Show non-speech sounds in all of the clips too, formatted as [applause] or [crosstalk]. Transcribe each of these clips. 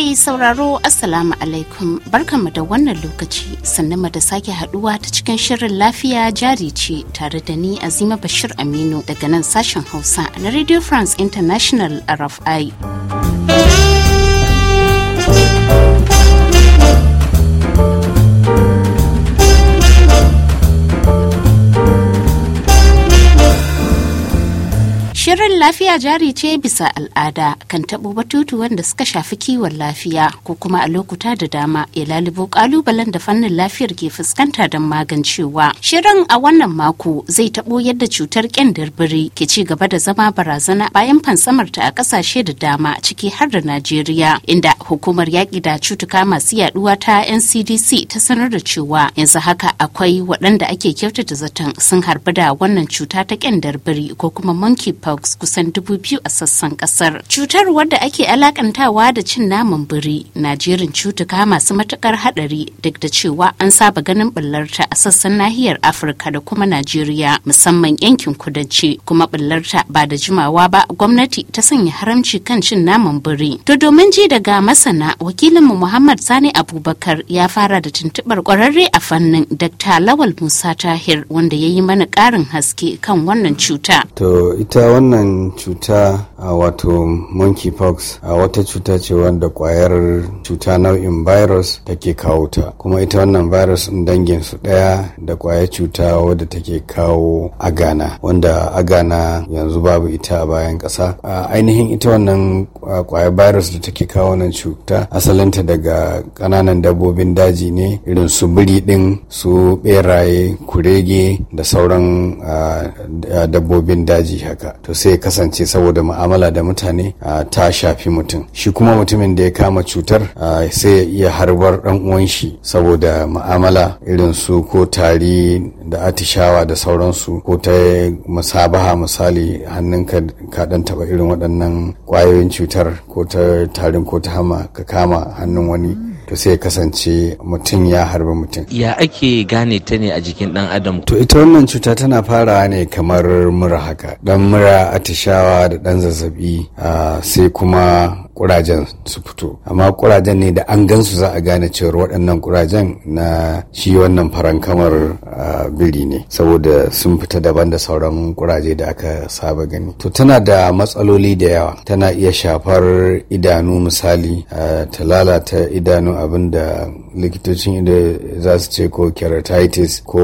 Mai sauraro Assalamu alaikum barkanmu da wannan lokaci sannan mu da sake haduwa ta cikin shirin lafiya jari ce tare da ni Azima Bashir Aminu daga nan sashen Hausa na Radio France International RFI. Shirin lafiya jari ce bisa al'ada kan taɓo batutu wanda suka shafi kiwon lafiya ko kuma a lokuta da dama ya lalubo ƙalubalen da fannin lafiyar ke fuskanta don magancewa. Shirin a wannan mako zai taɓo yadda cutar ƙyandar biri ke ci gaba da zama barazana bayan fansamarta a ƙasashe da dama ciki har da Najeriya inda hukumar yaƙi da cutuka masu yaɗuwa ta NCDC ta sanar da cewa yanzu haka akwai waɗanda ake kyautata zaton sun harbi da wannan cuta ta ƙyandar biri ko kuma monkeypox kusan dubu biyu a sassan kasar. Cutar wadda ake alakantawa da cin naman biri na jerin cutuka masu matukar hadari duk da cewa an saba ganin bullarta a sassan nahiyar Afirka da kuma Najeriya musamman yankin kudanci kuma bullarta ba da jimawa ba gwamnati ta sanya haramci kan cin naman biri. To domin ji daga masana wakilinmu Muhammad Sani Abubakar ya fara da tuntuɓar kwararre a fannin Dr. Lawal Musa Tahir wanda ya yi mana ƙarin haske kan wannan cuta. To ita wannan wannan cuta a wato monkeypox a wata cuta ce wanda kwayar cuta nau'in virus take kawo ta kuma ita wannan virus din dangin su daya da kwayar cuta wadda take kawo agana wanda agana yanzu babu ita a bayan kasa ainihin ita wannan kwayar virus da take kawo wannan cuta asalinta daga kananan dabbobin daji ne irin su biri din su beraye kurege da sauran dabbobin daji haka to sai ya kasance saboda mu'amala da mutane ta shafi mutum shi kuma mutumin da ya kama cutar sai ya iya harbar dan uwan shi saboda mu'amala irin su ko tari da atishawa da sauransu ko ta musabaha misali hannunka ka dan taba irin waɗannan ƙwayoyin cutar ko ta tarin ko ta hama ka kama hannun wani to sai kasance mutum ya harba mutum ya ake gane ta ne a jikin ɗan adam to ita wannan cuta tana farawa ne kamar mura haka ɗan mura atishawa da ɗan zazzabi ah, sai kuma kurajen su fito amma kurajen ne da an gansu za a gane cewar waɗannan kurajen na shi wannan faran kamar biri ne saboda sun fita daban da sauran kuraje da aka saba gani to tana da matsaloli da yawa tana iya shafar idanu misali ta lalata idanu abin da likitocin ido za su ce ko keratitis ko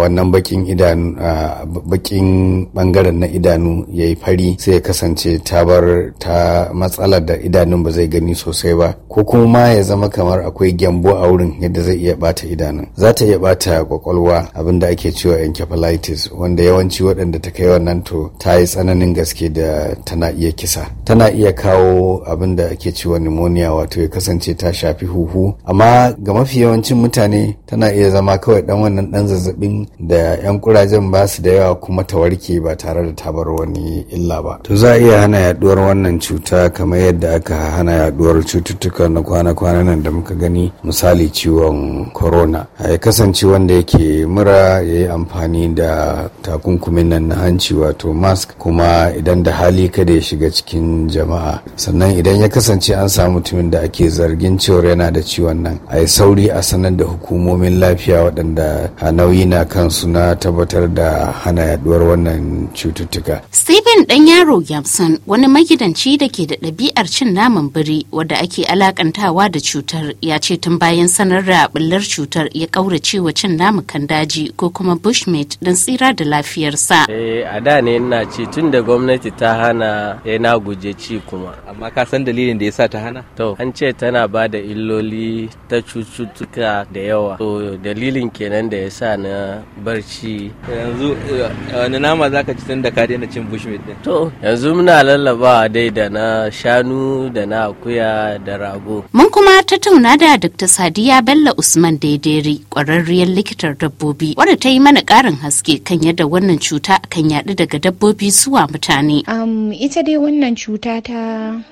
wannan bakin idanu bakin bangaren na idanu ya yi fari sai ya kasance ta bar ta matsalar da idanun ba zai gani sosai ba ko kuma ma ya zama kamar akwai gyambo a wurin yadda zai iya bata idanun za ta iya bata kwakwalwa abin da ake cewa encephalitis wanda yawanci waɗanda ta kai wannan to ta yi tsananin gaske da tana iya kisa tana iya kawo abin da ake cewa pneumonia wato ya kasance ta shafi huhu amma ga mafi yawancin mutane tana iya zama kawai dan wannan dan zazzabin da yan kurajen ba su da yawa kuma ta warke ba tare da ta wani illa ba to za a iya hana yaduwar wannan cuta kamar yadda aka hana yaduwar cututtuka na kwana kwana nan da muka gani misali ciwon corona a ya kasance wanda yake mura ya yi amfani da takunkumin nan na hanci wato mask kuma idan da hali kada ya shiga cikin jama'a sannan idan ya kasance an samu mutumin da ake zargin cewar yana da ciwon nan a yi sauri a sanar da hukumomin lafiya waɗanda a nauyi na kansu na tabbatar da hana yaduwar wannan cututtuka. Stephen ɗan yaro Gibson wani magidanci da ke da ɗabi'ar cin naman biri wadda ake alakantawa da cutar ya ce tun bayan sanar da bullar cutar ya kaurace wa cin namukan daji ko kuma bushmeat don tsira da lafiyarsa. Eh, a da ne ina ce tun da gwamnati ta hana ya eh, na guje ci kuma. Amma ka san dalilin da ya sa ta hana? To an ce tana ba da illoli ta cututtuka da yawa. To dalilin kenan da ya sa na barci. Yanzu eh, wani nama ka ci tun da ka daina cin bushmeat din? To yanzu muna lallabawa dai da na shanu da na akuya da rago. Mun kuma tattauna da Dr. Sadiya Bello Usman Daidere kwararriyar likitar dabbobi wadda ta yi mana ƙarin haske kan yadda wannan cuta kan yaɗu daga dabbobi zuwa mutane. Um, ita dai wannan cuta ta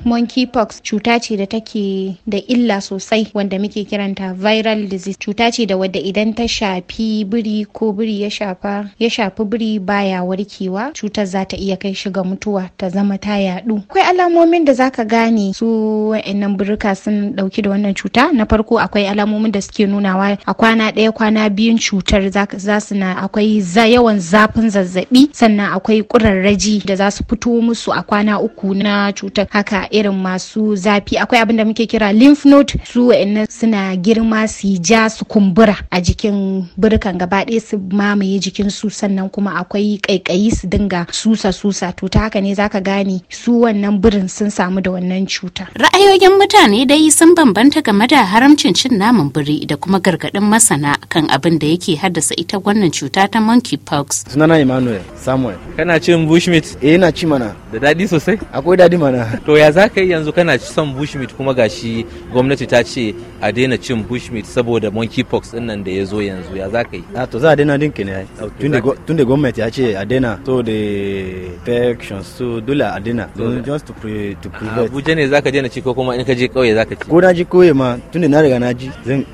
monkeypox cuta ce da take da illa sosai wanda muke kiranta viral disease cuta ce da wadda idan ta shafi biri ko biri ya shafa ya shafi biri baya warkewa cutar za ta iya kai shiga mutuwa ta zama ta yaɗu. Akwai alamomin da zaka ga gane su wa'annan burka sun dauki da wannan cuta na farko akwai alamomin da suke nunawa a kwana ɗaya kwana biyun cutar za su na akwai yawan zafin zazzabi sannan akwai ƙurarraji da za su fito musu a kwana uku na cutar haka irin masu zafi akwai abin da muke kira lymph node su wa'annan suna girma su ja su kumbura a jikin burkan gaba ɗaya su mamaye jikin su sannan kuma akwai ƙaiƙayi su dinga susa susa to ta haka ne zaka gane su wannan birin sun samu da wannan wannan cuta. Ra'ayoyin mutane dai sun bambanta game da haramcin cin naman biri da kuma gargaɗin masana kan abin da yake haddasa ita wannan cuta ta monkeypox. Sunana Emmanuel Samuel. Kana cin bushmeat? Eh ina ci mana. Da daɗi sosai? Akwai daɗi mana. [laughs] To ya za ka yi yanzu kana son bushmeat kuma gashi gwamnati ta ce a daina cin bushmeat saboda monkeypox ɗin nan da ya zo yanzu ya za ka yi? A to za a daina dinki ne. Tun da gwamnati ya ce a daina to da infections so dole a daina. Just to, pre, to ah, prevent. Abuja ne zaka je na ci ko kuma in ka je kauye zaka ci. Ko na ji kauye ma tunda na riga na ji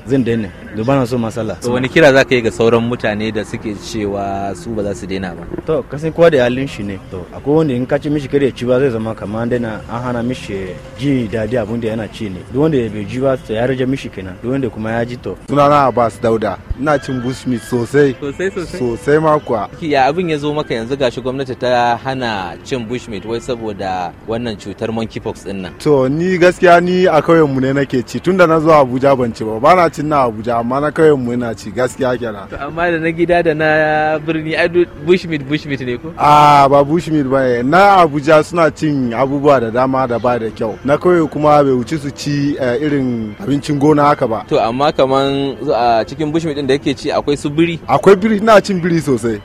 zan daina. da ba na so masala wani kira zaka yi ga sauran mutane da suke cewa su ba za su daina ba to kasan kowa da halin shi ne to akwai wanda in ka ci mishi kare ci ba zai zama kamar an daina an hana mishi ji dadi abin da yana ci ne duk wanda bai ji ba to ya rage mishi kenan duk wanda kuma ya ji to sunana Abbas Dauda ina cin bushmeat sosai sosai sosai ma kuwa ya abin ya zo maka yanzu gashi gwamnati ta hana cin bushmeat wai saboda wannan cutar monkeypox din nan to ni gaskiya ni a kauyen mu ne nake ci tunda na zo Abuja ban ci ba bana cin na Abuja amma na kawai mu yana ci gaskiya kenan to amma da na gida da na birni a bushmeat bushmeat ne ko a ba bushmeat ba na Abuja suna cin abubuwa da dama da ba da kyau na kawai kuma bai wuce su ci eh, irin abincin gona haka ba to amma kaman a cikin bushmeat din da yake ci akwai su biri akwai biri na cin biri sosai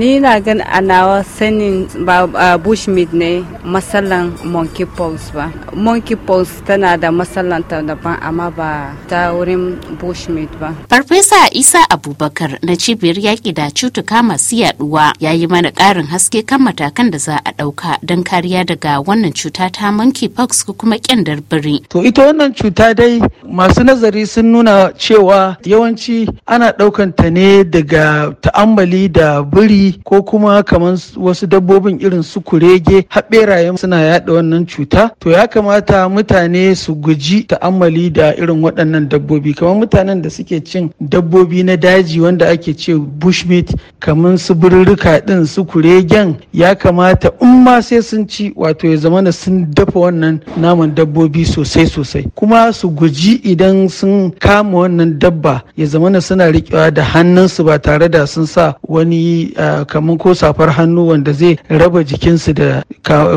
ni na gan a nawa sanin ba bushmeat ne matsalan monkeypox ba monkeypox tana da matsalan ta daban amma ba ta wurin bushmeat ba farfesa isa abubakar na cibiyar yaki da cutuka masu yaduwa ya yi mana ƙarin haske kan matakan da za a ɗauka don kariya daga wannan cuta ta monkeypox ko kuma kyandar biri to ita wannan cuta dai masu nazari sun nuna cewa yawanci ana ɗaukan ta ne daga ta'ambali da da biri ko kuma kamar wasu dabbobin irin su kurege haɓeraye suna yaɗa wannan cuta to ya kamata mutane su guji ta'ammali da irin waɗannan dabbobi kamar mutanen da suke cin dabbobi na daji wanda ake ce bushmeat kamar su birrika ɗin su kuregen ya kamata in ma sai sun ci wato ya zamana sun dafa wannan naman dabbobi sosai sosai kuma su guji idan sun kama wannan dabba ya zamana suna riƙewa da hannunsu ba tare da sun sa wani wani kamar ko safar hannu wanda zai raba jikinsu da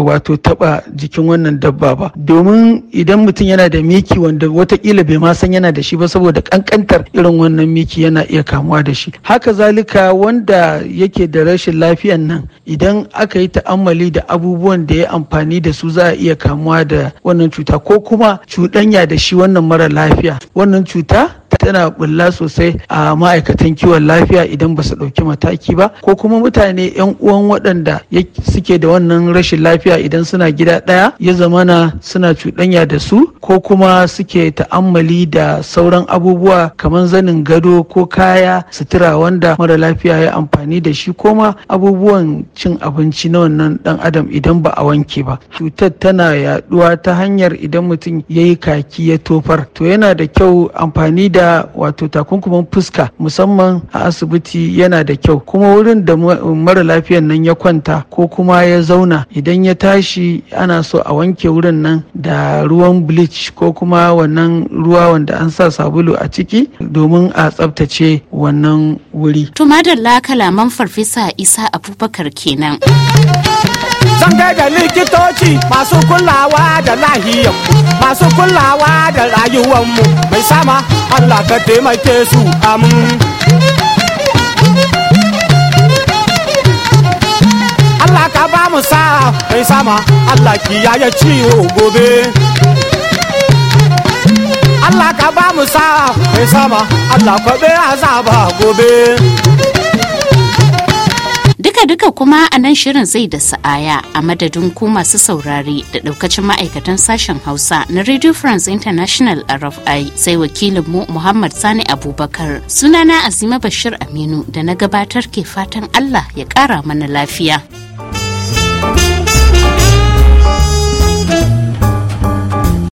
wato taba jikin wannan dabba ba domin idan mutum yana da miki wanda watakila bai ma san yana da shi ba saboda kankantar irin wannan miki yana iya kamuwa da shi haka zalika wanda yake da rashin lafiyan nan idan aka yi ta'ammali da abubuwan da ya amfani da su za a iya kamuwa da wannan cuta ko kuma cuɗanya da shi wannan mara lafiya wannan cuta tana bulla sosai a ma'aikatan kiwon lafiya idan ba su ɗauki mataki ba ko kuma mutane 'yan uwan waɗanda suke da wannan rashin lafiya idan suna gida ɗaya ya zamana suna cuɗanya da su ko kuma suke ta'ammali da sauran abubuwa kamar zanin gado ko kaya sutura wanda mara lafiya ya amfani da shi ko ma abubuwan cin abinci na wannan ɗan adam idan ba a wanke ba cutar tana yaɗuwa ta hanyar idan mutum ya yi kaki ya tofar to yana da kyau amfani da wato takunkumin fuska musamman a asibiti yana da kyau kuma wurin da mara lafiyan nan ya kwanta ko kuma ya zauna idan ya tashi ana so a wanke wurin nan da ruwan bleach ko kuma wannan ruwa wanda an sa sabulu a ciki domin a tsabtace wannan wuri. tumadar lakala kalaman farfesa Isa Abubakar kenan. zan gaida likitoci masu kulawa da lahiyar masu kulawa da rayuwanmu mai sama Allah ka taimake su amin Allah ka ba mu sa mai sama Allah kiyaye ciwo gobe Allah ka ba mu sa mai sama Allah kwabe azaba gobe duka-duka kuma a nan shirin zai da sa'aya a madadin ku masu saurari da ɗaukacin ma'aikatan sashen hausa na radio france international rfi sai wakilinmu muhammad sani abubakar sunana azima bashir aminu da na gabatar ke fatan allah ya kara mana lafiya.